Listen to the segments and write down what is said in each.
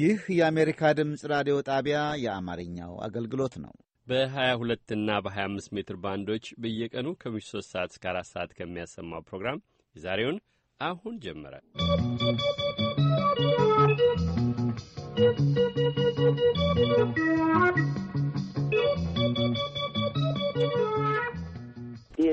ይህ የአሜሪካ ድምፅ ራዲዮ ጣቢያ የአማርኛው አገልግሎት ነው። በ22 እና በ25 ሜትር ባንዶች በየቀኑ ከምሽቱ 3 ሰዓት እስከ 4 ሰዓት ከሚያሰማው ፕሮግራም የዛሬውን አሁን ጀመረ።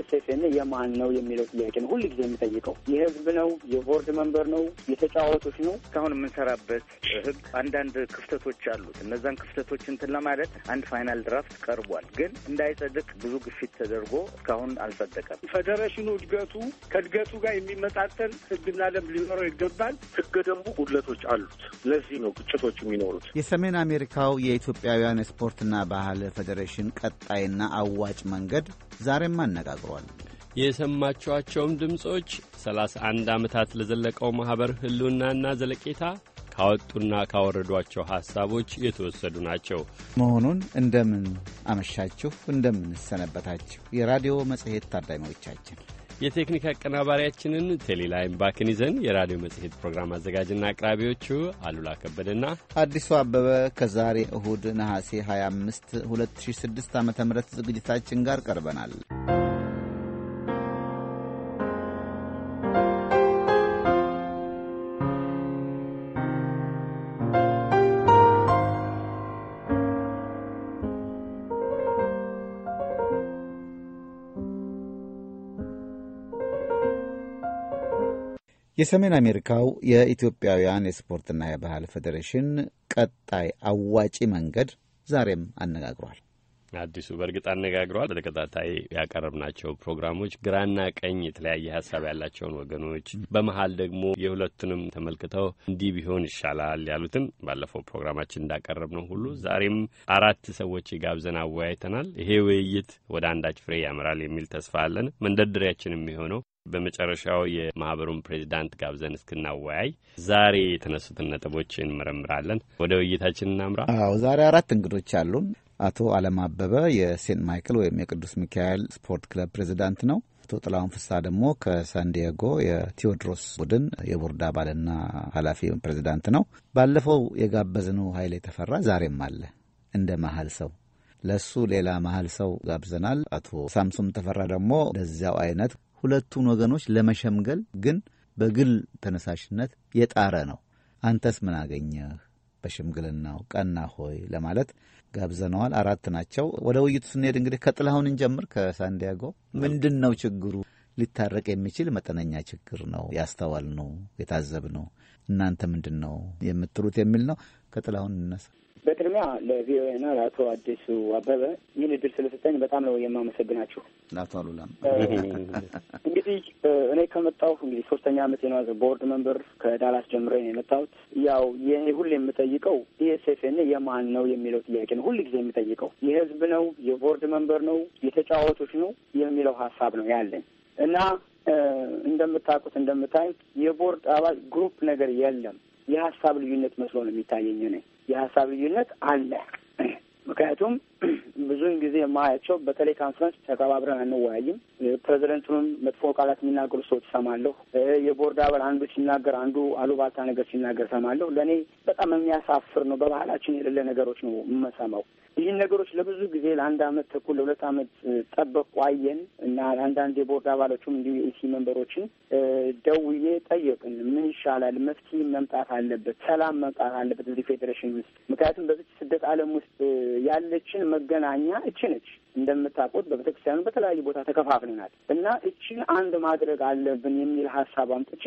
ኤስኤፍኤም የማን ነው የሚለው ጥያቄ ነው ጊዜ የሚጠይቀው። የህዝብ ነው፣ የቦርድ መንበር ነው፣ የተጫዋቾች ነው። እስካሁን የምንሰራበት ህግ አንዳንድ ክፍተቶች አሉት። እነዛን ክፍተቶች እንትን ለማለት አንድ ፋይናል ድራፍት ቀርቧል። ግን እንዳይጸድቅ ብዙ ግፊት ተደርጎ እስካሁን አልጸደቀም። ፌዴሬሽኑ እድገቱ ከእድገቱ ጋር የሚመጣጠን ህግና ደንብ ሊኖረው ይገባል። ህገ ደንቡ ጉድለቶች አሉት። ለዚህ ነው ግጭቶች የሚኖሩት። የሰሜን አሜሪካው የኢትዮጵያውያን ስፖርትና ባህል ፌዴሬሽን ቀጣይና አዋጭ መንገድ ዛሬም አነጋግሯል። የሰማችኋቸውም ድምፆች 31 ዓመታት ለዘለቀው ማኅበር ሕልውናና ዘለቄታ ካወጡና ካወረዷቸው ሐሳቦች የተወሰዱ ናቸው መሆኑን እንደምን አመሻችሁ፣ እንደምንሰነበታችሁ የራዲዮ መጽሔት ታዳሚዎቻችን የቴክኒክ አቀናባሪያችንን ቴሌላይም ባክን ይዘን የራዲዮ መጽሔት ፕሮግራም አዘጋጅና አቅራቢዎቹ አሉላ ከበደና አዲሱ አበበ ከዛሬ እሁድ ነሐሴ 25 2006 ዓ ም ዝግጅታችን ጋር ቀርበናል። የሰሜን አሜሪካው የኢትዮጵያውያን የስፖርትና የባህል ፌዴሬሽን ቀጣይ አዋጪ መንገድ ዛሬም አነጋግሯል። አዲሱ በእርግጥ አነጋግሯል። በተከታታይ ያቀረብናቸው ፕሮግራሞች ግራና ቀኝ የተለያየ ሀሳብ ያላቸውን ወገኖች በመሀል ደግሞ የሁለቱንም ተመልክተው እንዲህ ቢሆን ይሻላል ያሉትን ባለፈው ፕሮግራማችን እንዳቀረብ ነው ሁሉ ዛሬም አራት ሰዎች ጋብዘን አወያይተናል። ይሄ ውይይት ወደ አንዳች ፍሬ ያመራል የሚል ተስፋ አለን። መንደርደሪያችን የሚሆነው በመጨረሻው የማህበሩን ፕሬዚዳንት ጋብዘን እስክናወያይ ዛሬ የተነሱትን ነጥቦች እንመረምራለን። ወደ ውይይታችን እናምራ። አዎ ዛሬ አራት እንግዶች አሉ። አቶ አለም አበበ የሴንት ማይክል ወይም የቅዱስ ሚካኤል ስፖርት ክለብ ፕሬዚዳንት ነው። አቶ ጥላሁን ፍሳ ደግሞ ከሳንዲያጎ የቴዎድሮስ ቡድን የቦርድ አባልና ኃላፊ ፕሬዚዳንት ነው። ባለፈው የጋበዝነው ኃይል የተፈራ ዛሬም አለ እንደ መሀል ሰው ለሱ ሌላ መሀል ሰው ጋብዘናል። አቶ ሳምሶም ተፈራ ደግሞ እንደዚያው አይነት ሁለቱን ወገኖች ለመሸምገል ግን በግል ተነሳሽነት የጣረ ነው። አንተስ ምን አገኘህ በሽምግልናው ቀና ሆይ ለማለት ጋብዘነዋል። አራት ናቸው። ወደ ውይይቱ ስንሄድ እንግዲህ ከጥላሁን እንጀምር። ከሳንዲያጎ ምንድን ነው ችግሩ? ሊታረቅ የሚችል መጠነኛ ችግር ነው ያስተዋል ነው የታዘብ ነው። እናንተ ምንድን ነው የምትሉት የሚል ነው። ከጥላሁን እንነሳ። በቅድሚያ ለቪኦኤና ለአቶ አዲሱ አበበ ይህን እድል ስለሰጠኝ በጣም ነው የማመሰግናችሁ። ለአቶ አሉላ እንግዲህ እኔ ከመጣሁ እንግዲህ ሶስተኛ ዓመት የነዋዘ ቦርድ መንበር ከዳላስ ጀምሬ ነው የመጣሁት። ያው ይህ ሁሉ የምጠይቀው ኢኤስኤፍኤን የማን ነው የሚለው ጥያቄ ነው ሁል ጊዜ የምጠይቀው። የህዝብ ነው የቦርድ መንበር ነው የተጫዋቾች ነው የሚለው ሀሳብ ነው ያለኝ እና እንደምታውቁት እንደምታዩት የቦርድ አባል ግሩፕ ነገር የለም የሀሳብ ልዩነት መስሎ ነው የሚታየኝ ነኝ የሀሳብ ልዩነት አለ። ምክንያቱም ብዙውን ጊዜ የማያቸው በተለይ ካንፈረንስ ተቀባብረን አንወያይም። ፕሬዚደንቱንም መጥፎ ቃላት የሚናገሩ ሰዎች ሰማለሁ። የቦርድ አባል አንዱ ሲናገር፣ አንዱ አሉባልታ ነገር ሲናገር ሰማለሁ። ለእኔ በጣም የሚያሳፍር ነው። በባህላችን የሌለ ነገሮች ነው የምሰማው። ይህን ነገሮች ለብዙ ጊዜ ለአንድ አመት ተኩል ለሁለት አመት ጠበቅ ቋየን እና ለአንዳንድ የቦርድ አባሎችም እንዲሁ የኢሲ መንበሮችን ደውዬ ጠየቅን። ምን ይሻላል? መፍትሄ መምጣት አለበት፣ ሰላም መምጣት አለበት እዚህ ፌዴሬሽን ውስጥ ምክንያቱም በዚች ስደት አለም ውስጥ ያለችን መገናኛ እቺ ነች። እንደምታውቁት በቤተክርስቲያኑ በተለያዩ ቦታ ተከፋፍልናል እና እቺን አንድ ማድረግ አለብን የሚል ሀሳብ አምጥቼ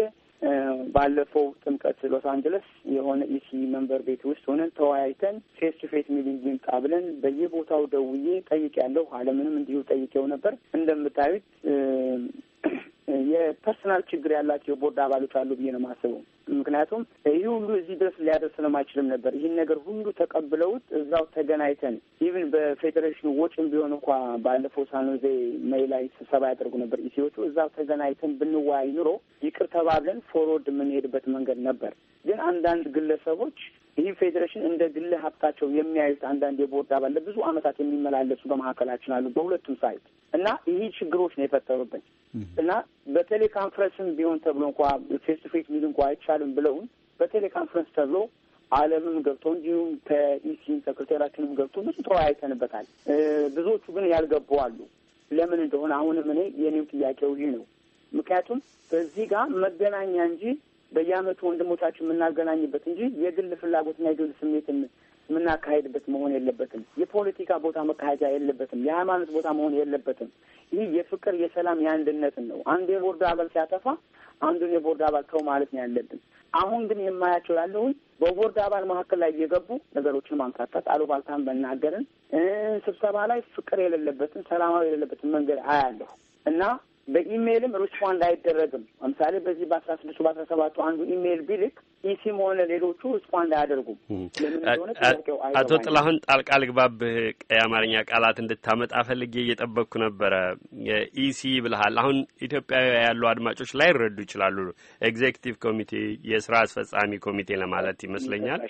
ባለፈው ጥምቀት ሎስ አንጀለስ የሆነ ኢሲ መንበር ቤት ውስጥ ሆነን ተወያይተን ፌስ ቱ ፌስ ሚሊንግ ይምጣ ብለን በየቦታው ደውዬ ጠይቄያለሁ። አለምንም እንዲሁ ጠይቄው ነበር። እንደምታዩት የፐርሰናል ችግር ያላቸው የቦርድ አባሎች አሉ ብዬ ነው የማስበው። ምክንያቱም ይህ ሁሉ እዚህ ድረስ ሊያደርሰንም አይችልም ነበር። ይህን ነገር ሁሉ ተቀብለውት እዛው ተገናኝተን ኢቭን በፌዴሬሽኑ ወጪም ቢሆን እንኳ ባለፈው ሳኖዜ መይ ላይ ስብሰባ ያደርጉ ነበር ኢሲዎቹ። እዛው ተገናኝተን ብንወያይ ኑሮ ይቅር ተባብለን ፎርወርድ የምንሄድበት መንገድ ነበር። ግን አንዳንድ ግለሰቦች ይህ ፌዴሬሽን እንደ ግል ሀብታቸው የሚያዩት አንዳንድ የቦርድ አባል ብዙ አመታት የሚመላለሱ በመካከላችን አሉ በሁለቱም ሳይት እና ይህ ችግሮች ነው የፈጠሩብን እና በቴሌካንፈረንስም ቢሆን ተብሎ እንኳ ፌስ ቱ ፌስ ሚል እንኳ አይቻልም ብለውን በቴሌካንፈረንስ ተብሎ ዓለምም ገብቶ እንዲሁም ከኢሲን ሰክሬታሪያችንም ገብቶ ብዙ ተወያይተንበታል። ብዙዎቹ ግን ያልገቡ አሉ። ለምን እንደሆነ አሁንም እኔ የኔም ጥያቄው ይህ ነው። ምክንያቱም በዚህ ጋር መገናኛ እንጂ በየአመቱ ወንድሞቻችን የምናገናኝበት እንጂ የግል ፍላጎትና የግል ስሜትን የምናካሄድበት መሆን የለበትም። የፖለቲካ ቦታ መካሄጃ የለበትም። የሃይማኖት ቦታ መሆን የለበትም። ይህ የፍቅር የሰላም የአንድነትን ነው። አንዱ የቦርድ አባል ሲያጠፋ አንዱን የቦርድ አባል ተው ማለት ነው ያለብን። አሁን ግን የማያቸው ያለውን በቦርድ አባል መካከል ላይ እየገቡ ነገሮችን ማንሳታት፣ አሉባልታን መናገርን፣ ስብሰባ ላይ ፍቅር የሌለበትን ሰላማዊ የሌለበትን መንገድ አያለሁ እና በኢሜይልም ሪስፖንድ አይደረግም። ለምሳሌ በዚህ በአስራ ስድስቱ በአስራ ሰባቱ አንዱ ኢሜይል ቢልክ ኢሲም ሆነ ሌሎቹ ሪስፖንድ አያደርጉም። አቶ ጥላሁን ጣልቃ ልግባብህ፣ የአማርኛ ቃላት እንድታመጣ ፈልጌ እየጠበቅኩ ነበረ። ኢሲ ብልሃል። አሁን ኢትዮጵያ ያሉ አድማጮች ላይ ይረዱ ይችላሉ። ኤግዜክቲቭ ኮሚቴ የስራ አስፈጻሚ ኮሚቴ ለማለት ይመስለኛል።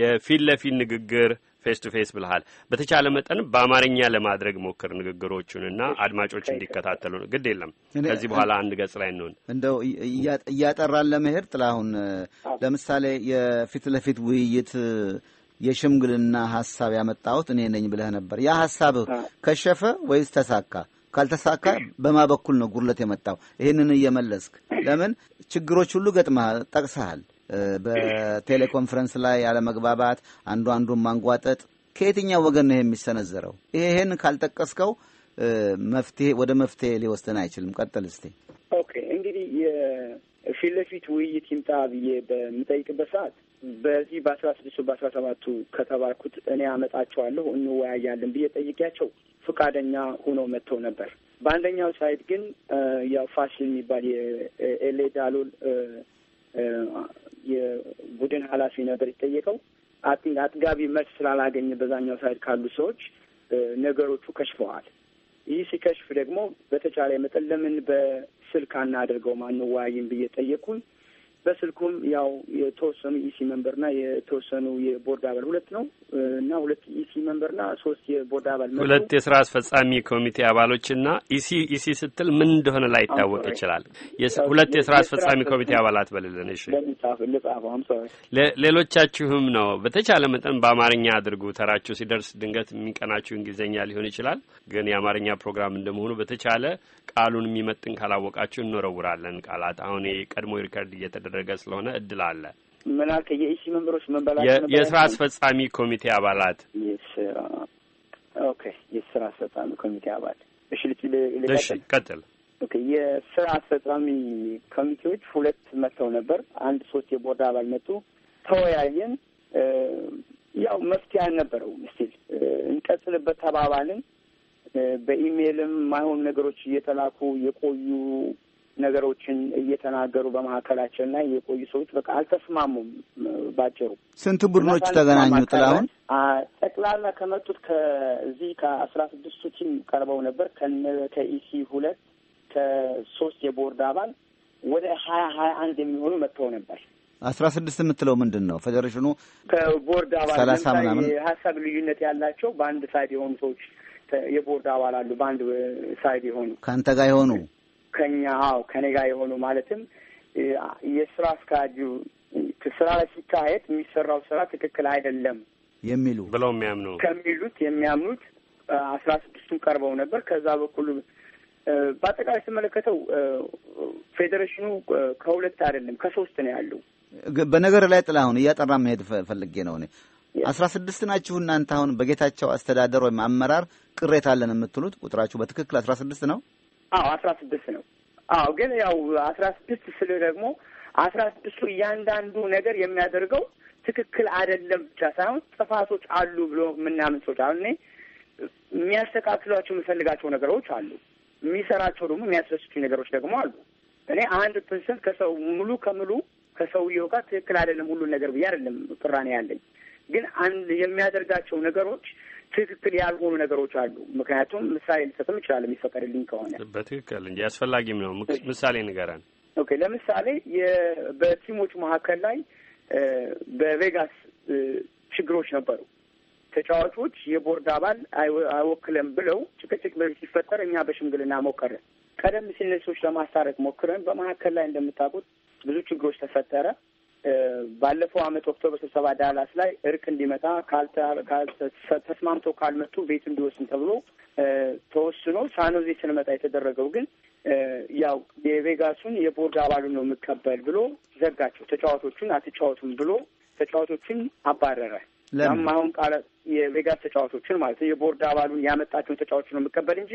የፊት ለፊት ንግግር ፌስ ቱ ፌስ ብልሃል። በተቻለ መጠን በአማርኛ ለማድረግ ሞክር ንግግሮቹንና አድማጮች እንዲከታተሉ ነው። ግድ የለም ከዚህ በኋላ አንድ ገጽ ላይ እንሆን እንደው እያጠራን ለመሄድ ጥላሁን፣ ለምሳሌ የፊት ለፊት ውይይት የሽምግልና ሀሳብ ያመጣሁት እኔ ነኝ ብለህ ነበር። ያ ሀሳብህ ከሸፈ ወይስ ተሳካ? ካልተሳካ በማ በኩል ነው ጉድለት የመጣው? ይህንን እየመለስክ ለምን ችግሮች ሁሉ ገጥመሃል፣ ጠቅሰሃል በቴሌኮንፈረንስ ላይ ያለመግባባት፣ አንዱ አንዱን ማንጓጠጥ ከየትኛው ወገን ነው የሚሰነዘረው? ይሄን ካልጠቀስከው መፍትሄ ወደ መፍትሄ ሊወስደን አይችልም። ቀጥል እስቲ። ኦኬ እንግዲህ የፊት ለፊት ውይይት ይምጣ ብዬ በምጠይቅበት ሰዓት በዚህ በአስራ ስድስቱ በአስራ ሰባቱ ከተባልኩት እኔ አመጣቸዋለሁ እንወያያለን ብዬ ጠይቂያቸው ፈቃደኛ ሆኖ መጥተው ነበር። በአንደኛው ሳይድ ግን ያው ፋሲል የሚባል የኤሌ ዳሎል የቡድን ኃላፊ ነበር የጠየቀው። አጥጋቢ መልስ ስላላገኘ በዛኛው ሳይድ ካሉ ሰዎች ነገሮቹ ከሽፈዋል። ይህ ሲከሽፍ ደግሞ በተቻለ መጠን ለምን በስልክ አናደርገውም አንወያይም ብዬ ጠየቅኩኝ። በስልኩም ያው የተወሰኑ ኢሲ e መንበርና የተወሰኑ የቦርድ አባል ሁለት ነው እና ሁለት ኢሲ e መንበርና ሶስት የቦርድ አባል ሁለት የስራ አስፈጻሚ ኮሚቴ አባሎችና ኢሲ e ኢሲ ስትል ምን እንደሆነ ላይታወቅ ይችላል። ሁለት የስራ አስፈጻሚ ኮሚቴ አባላት በልልን። እሺ ሌሎቻችሁም ነው በተቻለ መጠን በአማርኛ አድርጉ። ተራችሁ ሲደርስ ድንገት የሚቀናችሁ እንግሊዝኛ ሊሆን ይችላል፣ ግን የአማርኛ ፕሮግራም እንደመሆኑ በተቻለ ቃሉን የሚመጥን ካላወቃችሁ እንወረውራለን ቃላት አሁን ቀድሞ ሪከርድ እየተደ የተደረገ ስለሆነ እድል አለ። ምን አልከ? የኢሲ መምህሮች መበላት የስራ አስፈጻሚ ኮሚቴ አባላት ኦኬ፣ የስራ አስፈጻሚ ኮሚቴ አባል እሺ፣ ልሽ ቀጥል። ኦኬ፣ የስራ አስፈጻሚ ኮሚቴዎች ሁለት መጥተው ነበር። አንድ ሶስት የቦርድ አባል መጡ። ተወያየን። ያው መፍትሄ አልነበረውም። ስቲል እንቀጥልበት ተባባልን። በኢሜይልም ማይሆን ነገሮች እየተላኩ የቆዩ ነገሮችን እየተናገሩ በመካከላችን ላይ የቆዩ ሰዎች በቃ አልተስማሙም። ባጭሩ ስንት ቡድኖች ተገናኙ? ጥላሁን ጠቅላላ ከመጡት ከዚህ ከአስራ ስድስቱ ቲም ቀርበው ነበር ከኢሲ ሁለት ከሶስት የቦርድ አባል ወደ ሀያ ሀያ አንድ የሚሆኑ መጥተው ነበር። አስራ ስድስት የምትለው ምንድን ነው? ፌዴሬሽኑ ከቦርድ አባል ሀሳብ ልዩነት ያላቸው በአንድ ሳይድ የሆኑ ሰዎች የቦርድ አባል አሉ። በአንድ ሳይድ የሆኑ ከአንተ ጋር የሆኑ ከኛ አዎ ከኔ ጋር የሆኑ ማለትም የስራ አስኪያጁ ስራ ላይ ሲካሄድ የሚሰራው ስራ ትክክል አይደለም የሚሉ ብለው የሚያምኑ ከሚሉት የሚያምኑት አስራ ስድስቱን ቀርበው ነበር። ከዛ በኩል በአጠቃላይ ስመለከተው ፌዴሬሽኑ ከሁለት አይደለም ከሶስት ነው ያለው። በነገር ላይ ጥላ አሁን እያጠራ መሄድ ፈልጌ ነው እኔ አስራ ስድስት ናችሁ እናንተ አሁን በጌታቸው አስተዳደር ወይም አመራር ቅሬታ አለን የምትሉት ቁጥራችሁ በትክክል አስራ ስድስት ነው። አዎ አስራ ስድስት ነው። አዎ ግን ያው አስራ ስድስት ስል ደግሞ አስራ ስድስቱ እያንዳንዱ ነገር የሚያደርገው ትክክል አይደለም ብቻ ሳይሆን ጥፋቶች አሉ ብሎ የምናምን ሰዎች አሁን እኔ የሚያስተካክሏቸው የምፈልጋቸው ነገሮች አሉ፣ የሚሰራቸው ደግሞ የሚያስደስቱኝ ነገሮች ደግሞ አሉ። እኔ አንድ ፐርሰንት ከሰው ሙሉ ከምሉ ከሰውየው ጋር ትክክል አይደለም ሁሉን ነገር ብዬ አይደለም ቅራኔ ያለኝ ግን አንድ የሚያደርጋቸው ነገሮች ትክክል ያልሆኑ ነገሮች አሉ። ምክንያቱም ምሳሌ ልሰጥም ይችላል የሚፈቀድልኝ ከሆነ በትክክል እንጂ አስፈላጊም ነው። ምሳሌ ንገረን። ኦኬ ለምሳሌ በቲሞች መካከል ላይ በቬጋስ ችግሮች ነበሩ። ተጫዋቾች የቦርድ አባል አይወክለም ብለው ጭቅጭቅ ሲፈጠር እኛ በሽምግልና ሞከርን። ቀደም ሲል ለሰዎች ለማስታረቅ ሞክረን በመካከል ላይ እንደምታውቁት ብዙ ችግሮች ተፈጠረ። ባለፈው አመት ኦክቶበር ስብሰባ ዳላስ ላይ እርቅ እንዲመጣ ተስማምቶ ካልመጡ ቤት እንዲወስን ተብሎ ተወስኖ ሳኖዜ ስንመጣ የተደረገው ግን ያው የቬጋሱን የቦርድ አባሉን ነው የምቀበል ብሎ ዘጋቸው። ተጫዋቾቹን አትጫወቱም ብሎ ተጫዋቾችን አባረረ። ያም አሁን ቃለ የቬጋስ ተጫዋቾችን ማለት ነው የቦርድ አባሉን ያመጣቸውን ተጫዋቾች ነው የምቀበል እንጂ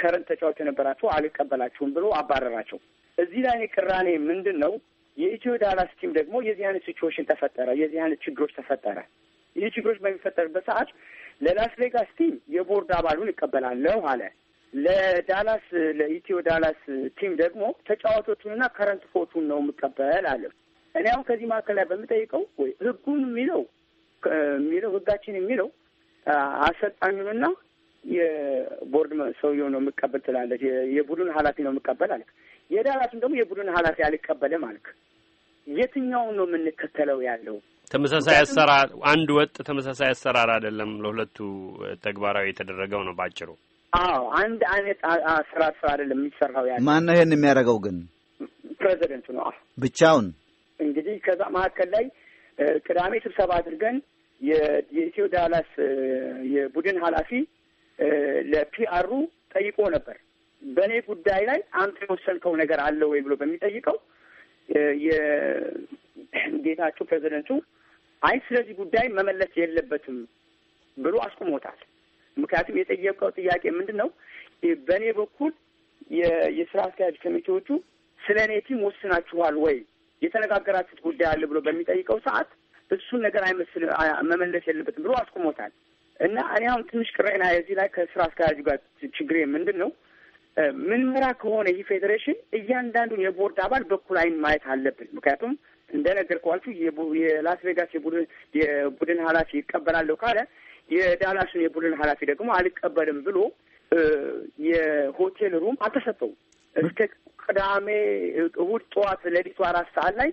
ከረንት ተጫዋቾች የነበራቸው አልቀበላቸውም ብሎ አባረራቸው። እዚህ ላይ ቅራኔ ምንድን ነው? የኢትዮ ዳላስ ቲም ደግሞ የዚህ አይነት ሲቹዌሽን ተፈጠረ፣ የዚህ አይነት ችግሮች ተፈጠረ። ይህ ችግሮች በሚፈጠርበት ሰዓት ለላስ ቬጋስ ቲም የቦርድ አባሉን ይቀበላለሁ አለ። ለዳላስ ለኢትዮ ዳላስ ቲም ደግሞ ተጫዋቾቹንና ከረንት ኮቹን ነው የምቀበል አለ። እኔ አሁን ከዚህ መካከል ላይ በምጠይቀው ወይ ህጉን የሚለው የሚለው ህጋችን የሚለው አሰልጣኙንና የቦርድ ሰውየው ነው የምቀበል ትላለች። የቡድን ኃላፊ ነው የምቀበል አለ። የዳላቱን ደግሞ የቡድን ኃላፊ አልቀበለም አልክ። የትኛውን ነው የምንከተለው ያለው? ተመሳሳይ አሰራር፣ አንድ ወጥ ተመሳሳይ አሰራር አይደለም። ለሁለቱ ተግባራዊ የተደረገው ነው ባጭሩ። አዎ አንድ አይነት አሰራር ስራ አይደለም የሚሰራው። ያለ ማን ነው ይሄን የሚያደርገው ግን? ፕሬዚደንቱ ነው ብቻውን። እንግዲህ ከዛ መካከል ላይ ቅዳሜ ስብሰባ አድርገን የኢትዮ ዳላስ የቡድን ኃላፊ ለፒአሩ ጠይቆ ነበር። በእኔ ጉዳይ ላይ አንተ የወሰንከው ነገር አለ ወይ ብሎ በሚጠይቀው የጌታቸው ፕሬዚደንቱ አይ ስለዚህ ጉዳይ መመለስ የለበትም ብሎ አስቁሞታል። ምክንያቱም የጠየቀው ጥያቄ ምንድን ነው? በእኔ በኩል የስራ አስኪያጅ ኮሚቴዎቹ ስለ እኔ ቲም ወስናችኋል ወይ የተነጋገራችሁት ጉዳይ አለ ብሎ በሚጠይቀው ሰዓት እሱን ነገር አይመስል መመለስ የለበትም ብሎ አስቁሞታል። እና እኔ አሁን ትንሽ ቅሬና የዚህ ላይ ከስራ አስኪያጅ ጋር ችግሬ ምንድን ነው ምንመራ ከሆነ ይህ ፌዴሬሽን እያንዳንዱን የቦርድ አባል በኩል አይን ማየት አለብን። ምክንያቱም እንደነገርኳችሁ የላስ ቬጋስ የቡድን የቡድን ኃላፊ ይቀበላለሁ ካለ የዳላሱን የቡድን ኃላፊ ደግሞ አልቀበልም ብሎ የሆቴል ሩም አልተሰጠውም። እስከ ቅዳሜ እሑድ ጠዋት ሌሊቱ አራት ሰዓት ላይ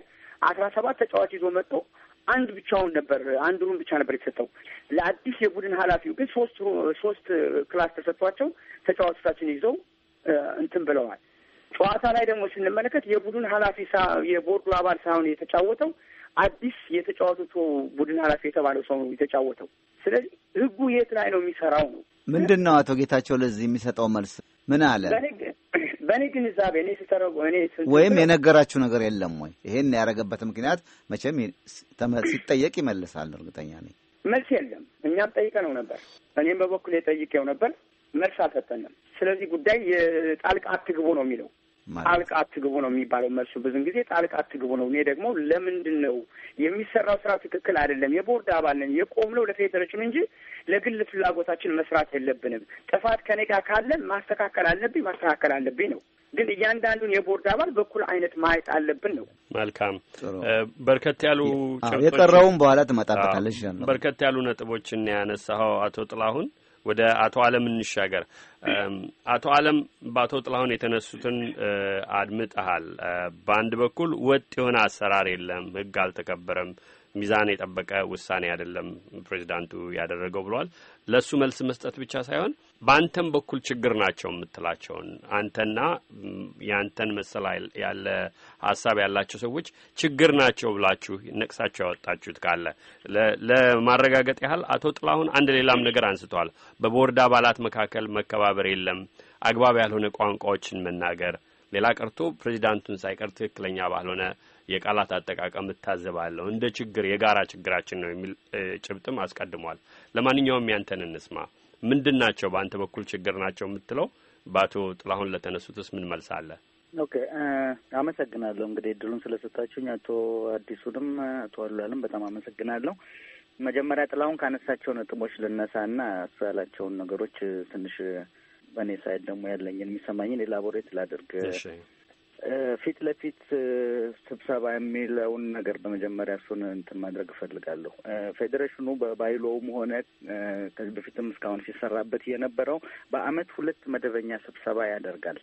አስራ ሰባት ተጫዋች ይዞ መጥቶ አንድ ብቻውን ነበር አንድ ሩም ብቻ ነበር የተሰጠው። ለአዲስ የቡድን ኃላፊው ግን ሶስት ሶስት ክላስ ተሰጥቷቸው ተጫዋቾቻችን ይዘው እንትን ብለዋል። ጨዋታ ላይ ደግሞ ስንመለከት የቡድን ኃላፊ የቦርዱ አባል ሳይሆን የተጫወተው አዲስ የተጫዋቾቹ ቡድን ኃላፊ የተባለው ሰው ነው የተጫወተው። ስለዚህ ህጉ የት ላይ ነው የሚሰራው ነው ምንድን ነው? አቶ ጌታቸው ለዚህ የሚሰጠው መልስ ምን አለ? በእኔ ግንዛቤ እኔ ስተረጎ እኔ ወይም የነገራችሁ ነገር የለም ወይ? ይሄን ያደረገበት ምክንያት መቼም ሲጠየቅ ይመልሳል፣ እርግጠኛ ነኝ። መልስ የለም። እኛም ጠይቀ ነው ነበር፣ እኔም በበኩል የጠይቀው ነበር። መልስ አልሰጠንም። ስለዚህ ጉዳይ ጣልቃ አትግቡ ነው የሚለው ጣልቃ አትግቡ ነው የሚባለው መልሱ። ብዙን ጊዜ ጣልቃ አትግቡ ነው። እኔ ደግሞ ለምንድን ነው የሚሰራው ስራ ትክክል አይደለም፣ የቦርድ አባል ነን፣ የቆምነው ለፌዴሬሽን እንጂ ለግል ፍላጎታችን መስራት የለብንም። ጥፋት ከኔ ጋር ካለ ማስተካከል አለብኝ ማስተካከል አለብኝ ነው ግን እያንዳንዱን የቦርድ አባል በኩል አይነት ማየት አለብን ነው። መልካም በርከት ያሉ የቀረውን በኋላ ትመጣበታለች። በርከት ያሉ ነጥቦችን ያነሳኸው አቶ ጥላሁን ወደ አቶ አለም እንሻገር። አቶ አለም በአቶ ጥላሁን የተነሱትን አድምጠሃል። በአንድ በኩል ወጥ የሆነ አሰራር የለም፣ ህግ አልተከበረም ሚዛን የጠበቀ ውሳኔ አይደለም ፕሬዚዳንቱ ያደረገው ብሏል። ለእሱ መልስ መስጠት ብቻ ሳይሆን በአንተም በኩል ችግር ናቸው የምትላቸውን አንተና የአንተን መሰል ያለ ሀሳብ ያላቸው ሰዎች ችግር ናቸው ብላችሁ ነቅሳቸው ያወጣችሁት ካለ ለማረጋገጥ ያህል አቶ ጥላሁን አንድ ሌላም ነገር አንስተዋል። በቦርድ አባላት መካከል መከባበር የለም፣ አግባብ ያልሆነ ቋንቋዎችን መናገር ሌላ ቀርቶ ፕሬዚዳንቱን ሳይቀር ትክክለኛ ባልሆነ የቃላት አጠቃቀም እታዘባለሁ። እንደ ችግር የጋራ ችግራችን ነው የሚል ጭብጥም አስቀድሟል። ለማንኛውም ያንተን እንስማ። ምንድን ናቸው በአንተ በኩል ችግር ናቸው የምትለው? በአቶ ጥላሁን ለተነሱትስ ምን መልስ አለ? ኦኬ አመሰግናለሁ። እንግዲህ እድሉን ስለሰጣችሁኝ አቶ አዲሱንም አቶ አሉላልም በጣም አመሰግናለሁ። መጀመሪያ ጥላሁን ካነሳቸው ነጥቦች ልነሳና እሱ ያላቸውን ነገሮች ትንሽ በእኔ ሳይድ ደግሞ ያለኝን የሚሰማኝን ኤላቦሬት ላድርግ። ፊት ለፊት ስብሰባ የሚለውን ነገር በመጀመሪያ እሱን እንትን ማድረግ እፈልጋለሁ። ፌዴሬሽኑ በባይሎውም ሆነ ከዚህ በፊትም እስካሁን ሲሰራበት የነበረው በአመት ሁለት መደበኛ ስብሰባ ያደርጋል።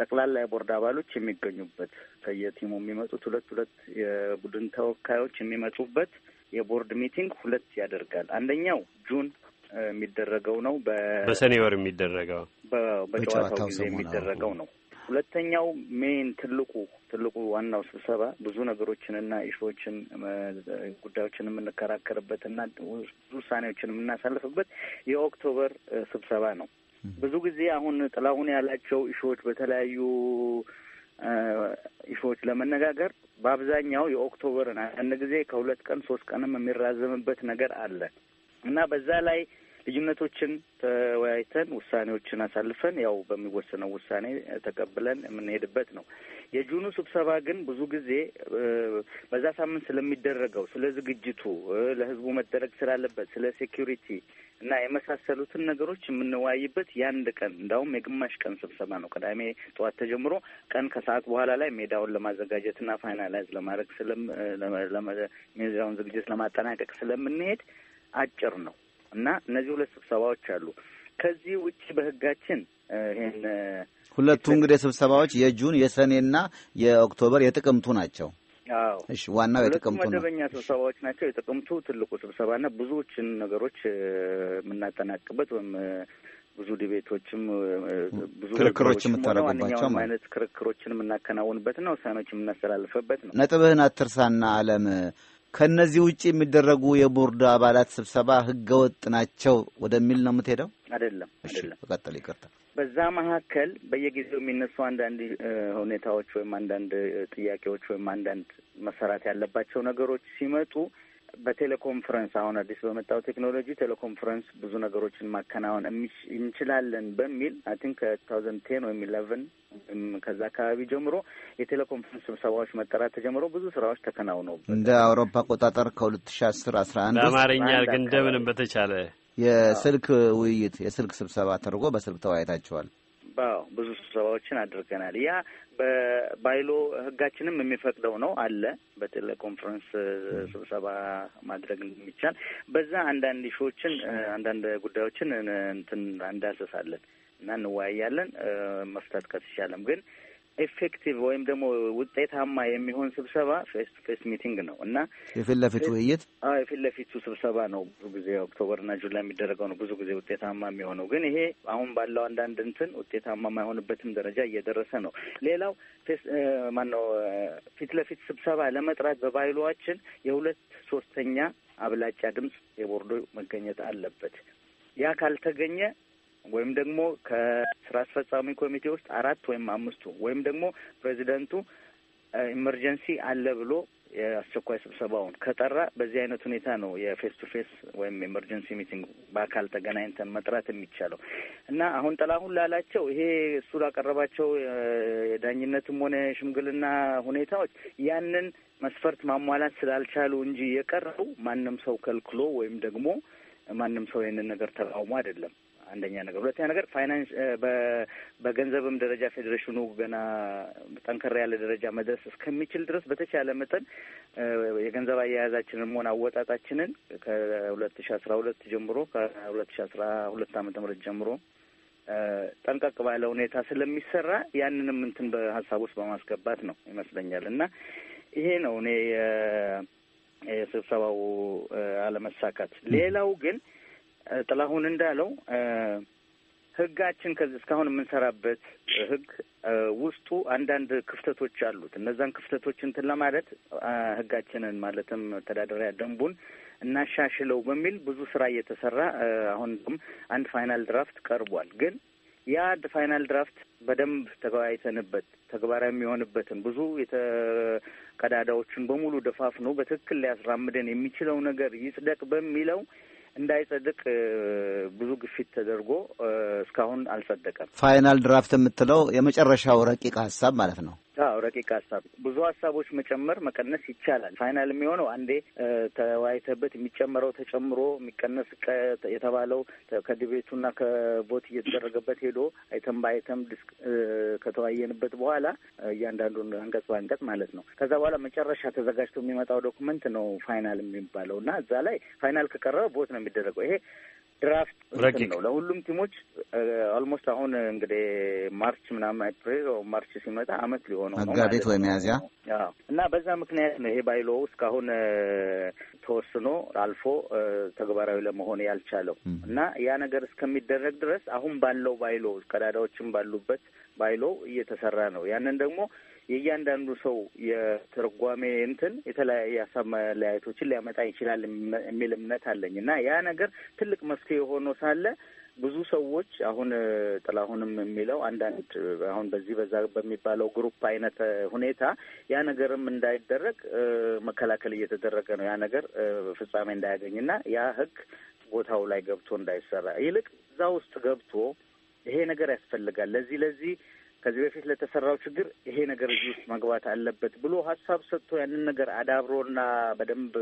ጠቅላላ የቦርድ አባሎች የሚገኙበት ከየቲሙ የሚመጡት ሁለት ሁለት የቡድን ተወካዮች የሚመጡበት የቦርድ ሚቲንግ ሁለት ያደርጋል። አንደኛው ጁን የሚደረገው ነው፣ በሰኔ ወር የሚደረገው በጨዋታው ጊዜ የሚደረገው ነው። ሁለተኛው ሜን ትልቁ ትልቁ ዋናው ስብሰባ ብዙ ነገሮችንና ኢሹዎችን ጉዳዮችን የምንከራከርበት እና ውሳኔዎችን የምናሳልፍበት የኦክቶበር ስብሰባ ነው። ብዙ ጊዜ አሁን ጥላሁን ያላቸው ኢሹዎች በተለያዩ ኢሹዎች ለመነጋገር በአብዛኛው የኦክቶበርን አንድ ጊዜ ከሁለት ቀን ሶስት ቀንም የሚራዘምበት ነገር አለ እና በዛ ላይ ልዩነቶችን ተወያይተን ውሳኔዎችን አሳልፈን ያው በሚወሰነው ውሳኔ ተቀብለን የምንሄድበት ነው። የጁኑ ስብሰባ ግን ብዙ ጊዜ በዛ ሳምንት ስለሚደረገው ስለ ዝግጅቱ፣ ለህዝቡ መደረግ ስላለበት፣ ስለ ሴኪሪቲ እና የመሳሰሉትን ነገሮች የምንወያይበት የአንድ ቀን እንዳውም የግማሽ ቀን ስብሰባ ነው። ቅዳሜ ጠዋት ተጀምሮ ቀን ከሰዓት በኋላ ላይ ሜዳውን ለማዘጋጀትና ፋይናላይዝ ለማድረግ ሜዳውን ዝግጅት ለማጠናቀቅ ስለምንሄድ አጭር ነው። እና እነዚህ ሁለት ስብሰባዎች አሉ። ከዚህ ውጭ በህጋችን ይህን ሁለቱ እንግዲህ ስብሰባዎች የጁን የሰኔና የኦክቶበር የጥቅምቱ ናቸው። እሺ፣ ዋናው የጥቅምቱ መደበኛ ስብሰባዎች ናቸው። የጥቅምቱ ትልቁ ስብሰባና ብዙዎችን ነገሮች የምናጠናቅበት ወይም ብዙ ዲቤቶችም ብዙ ክርክሮች የምታደረጉባቸው አይነት ክርክሮችን ነው። ውሳኔዎች የምናስተላልፍበት ነው። ነጥብህን አትርሳና አለም ከእነዚህ ውጭ የሚደረጉ የቦርድ አባላት ስብሰባ ህገወጥ ናቸው ወደሚል ነው የምትሄደው? አይደለም፣ አይደለም። በቀጠል ይቅርታ። በዛ መካከል በየጊዜው የሚነሱ አንዳንድ ሁኔታዎች ወይም አንዳንድ ጥያቄዎች ወይም አንዳንድ መሰራት ያለባቸው ነገሮች ሲመጡ በቴሌኮንፈረንስ አሁን አዲስ በመጣው ቴክኖሎጂ ቴሌኮንፈረንስ ብዙ ነገሮችን ማከናወን እንችላለን በሚል አይ ቲንክ ከቱ ታውዘንድ ቴን ወይም ኢለቨን ከዛ አካባቢ ጀምሮ የቴሌኮንፈረንስ ስብሰባዎች መጠራት ተጀምሮ ብዙ ስራዎች ተከናውነው እንደ አውሮፓ አቆጣጠር ከሁለት ሺ አስር አስራ አንድ በአማርኛ ግን እንደምንም በተቻለ የስልክ ውይይት የስልክ ስብሰባ ተደርጎ በስልክ ተዋይታቸዋል። አዎ ብዙ ስብሰባዎችን አድርገናል። ያ በባይሎ ህጋችንም የሚፈቅደው ነው አለ በቴሌኮንፈረንስ ስብሰባ ማድረግ እንደሚቻል በዛ አንዳንድ ሾዎችን አንዳንድ ጉዳዮችን እንትን እና እንወያያለን መፍታት ከተቻለም ግን ኤፌክቲቭ ወይም ደግሞ ውጤታማ የሚሆን ስብሰባ ፌስ ቱ ፌስ ሚቲንግ ነው እና የፊት ለፊት ውይይት የፊት ለፊቱ ስብሰባ ነው። ብዙ ጊዜ ኦክቶበርና ጁላይ የሚደረገው ነው ብዙ ጊዜ ውጤታማ የሚሆነው። ግን ይሄ አሁን ባለው አንዳንድ እንትን ውጤታማ የማይሆንበትም ደረጃ እየደረሰ ነው። ሌላው ማነው ፊት ለፊት ስብሰባ ለመጥራት በባይሏችን የሁለት ሶስተኛ አብላጫ ድምፅ የቦርዶ መገኘት አለበት። ያ ካልተገኘ ወይም ደግሞ ከስራ አስፈጻሚ ኮሚቴ ውስጥ አራት ወይም አምስቱ ወይም ደግሞ ፕሬዚደንቱ ኢመርጀንሲ አለ ብሎ የአስቸኳይ ስብሰባውን ከጠራ በዚህ አይነት ሁኔታ ነው የፌስ ቱ ፌስ ወይም ኤመርጀንሲ ሚቲንግ በአካል ተገናኝተን መጥራት የሚቻለው እና አሁን ጥላሁን ላላቸው ይሄ እሱ ላቀረባቸው የዳኝነትም ሆነ የሽምግልና ሁኔታዎች ያንን መስፈርት ማሟላት ስላልቻሉ እንጂ የቀረው ማንም ሰው ከልክሎ ወይም ደግሞ ማንም ሰው ይህንን ነገር ተቃውሞ አይደለም። አንደኛ ነገር። ሁለተኛ ነገር ፋይናንስ በገንዘብም ደረጃ ፌዴሬሽኑ ገና ጠንከር ያለ ደረጃ መድረስ እስከሚችል ድረስ በተቻለ መጠን የገንዘብ አያያዛችንን መሆን አወጣጣችንን ከሁለት ሺ አስራ ሁለት ጀምሮ ከሁለት ሺ አስራ ሁለት አመተ ምህረት ጀምሮ ጠንቀቅ ባለ ሁኔታ ስለሚሰራ ያንንም እንትን በሀሳብ ውስጥ በማስገባት ነው ይመስለኛል እና ይሄ ነው እኔ የስብሰባው አለመሳካት። ሌላው ግን ጥላሁን እንዳለው ህጋችን ከዚህ እስካሁን የምንሰራበት ህግ ውስጡ አንዳንድ ክፍተቶች አሉት። እነዛን ክፍተቶች እንትን ለማለት ህጋችንን ማለትም መተዳደሪያ ደንቡን እናሻሽለው በሚል ብዙ ስራ እየተሰራ አሁን አንድ ፋይናል ድራፍት ቀርቧል። ግን ያ አንድ ፋይናል ድራፍት በደንብ ተገባይተንበት ተግባራዊ የሚሆንበትን ብዙ ቀዳዳዎችን በሙሉ ደፋፍኖ በትክክል ሊያስራምደን የሚችለው ነገር ይጽደቅ በሚለው እንዳይጸድቅ ብዙ ግፊት ተደርጎ እስካሁን አልጸደቀም። ፋይናል ድራፍት የምትለው የመጨረሻው ረቂቅ ሀሳብ ማለት ነው። አዎ ረቂቅ ሀሳብ ብዙ ሀሳቦች መጨመር መቀነስ ይቻላል። ፋይናል የሚሆነው አንዴ ተወያይተበት የሚጨመረው ተጨምሮ የሚቀነስ የተባለው ከዲቤቱና ከቦት እየተደረገበት ሄዶ አይተም በአይተም ዲስክ ከተወያየንበት በኋላ እያንዳንዱን አንቀጽ በአንቀጽ ማለት ነው። ከዛ በኋላ መጨረሻ ተዘጋጅቶ የሚመጣው ዶክመንት ነው ፋይናል የሚባለው እና እዛ ላይ ፋይናል ከቀረበ ቦት ነው የሚደረገው ይሄ ድራፍት ነው ለሁሉም ቲሞች አልሞስት አሁን እንግዲህ ማርች ምናምን ኤፕሪል ማርች ሲመጣ አመት ሊሆነው መጋቢት ወይ ሚያዝያ እና በዛ ምክንያት ነው ይሄ ባይሎ እስካሁን ተወስኖ አልፎ ተግባራዊ ለመሆን ያልቻለው እና ያ ነገር እስከሚደረግ ድረስ አሁን ባለው ባይሎ ቀዳዳዎችም ባሉበት ባይሎ እየተሰራ ነው ያንን ደግሞ የእያንዳንዱ ሰው የትርጓሜ እንትን የተለያየ ሀሳብ መለያየቶችን ሊያመጣ ይችላል የሚል እምነት አለኝ እና ያ ነገር ትልቅ መፍትሄ ሆኖ ሳለ ብዙ ሰዎች አሁን ጥላሁንም የሚለው አንዳንድ አሁን በዚህ በዛ በሚባለው ግሩፕ አይነት ሁኔታ ያ ነገርም እንዳይደረግ መከላከል እየተደረገ ነው። ያ ነገር ፍጻሜ እንዳያገኝና ያ ህግ ቦታው ላይ ገብቶ እንዳይሰራ ይልቅ እዛ ውስጥ ገብቶ ይሄ ነገር ያስፈልጋል ለዚህ ለዚህ ከዚህ በፊት ለተሰራው ችግር ይሄ ነገር እዚህ ውስጥ መግባት አለበት ብሎ ሀሳብ ሰጥቶ ያንን ነገር አዳብሮና በደንብ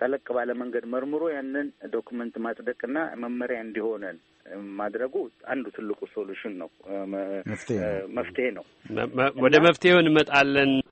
ጠለቅ ባለ መንገድ መርምሮ ያንን ዶክመንት ማጽደቅና መመሪያ እንዲሆነን ማድረጉ አንዱ ትልቁ ሶሉሽን ነው፣ መፍትሄ ነው። ወደ መፍትሄው እንመጣለን።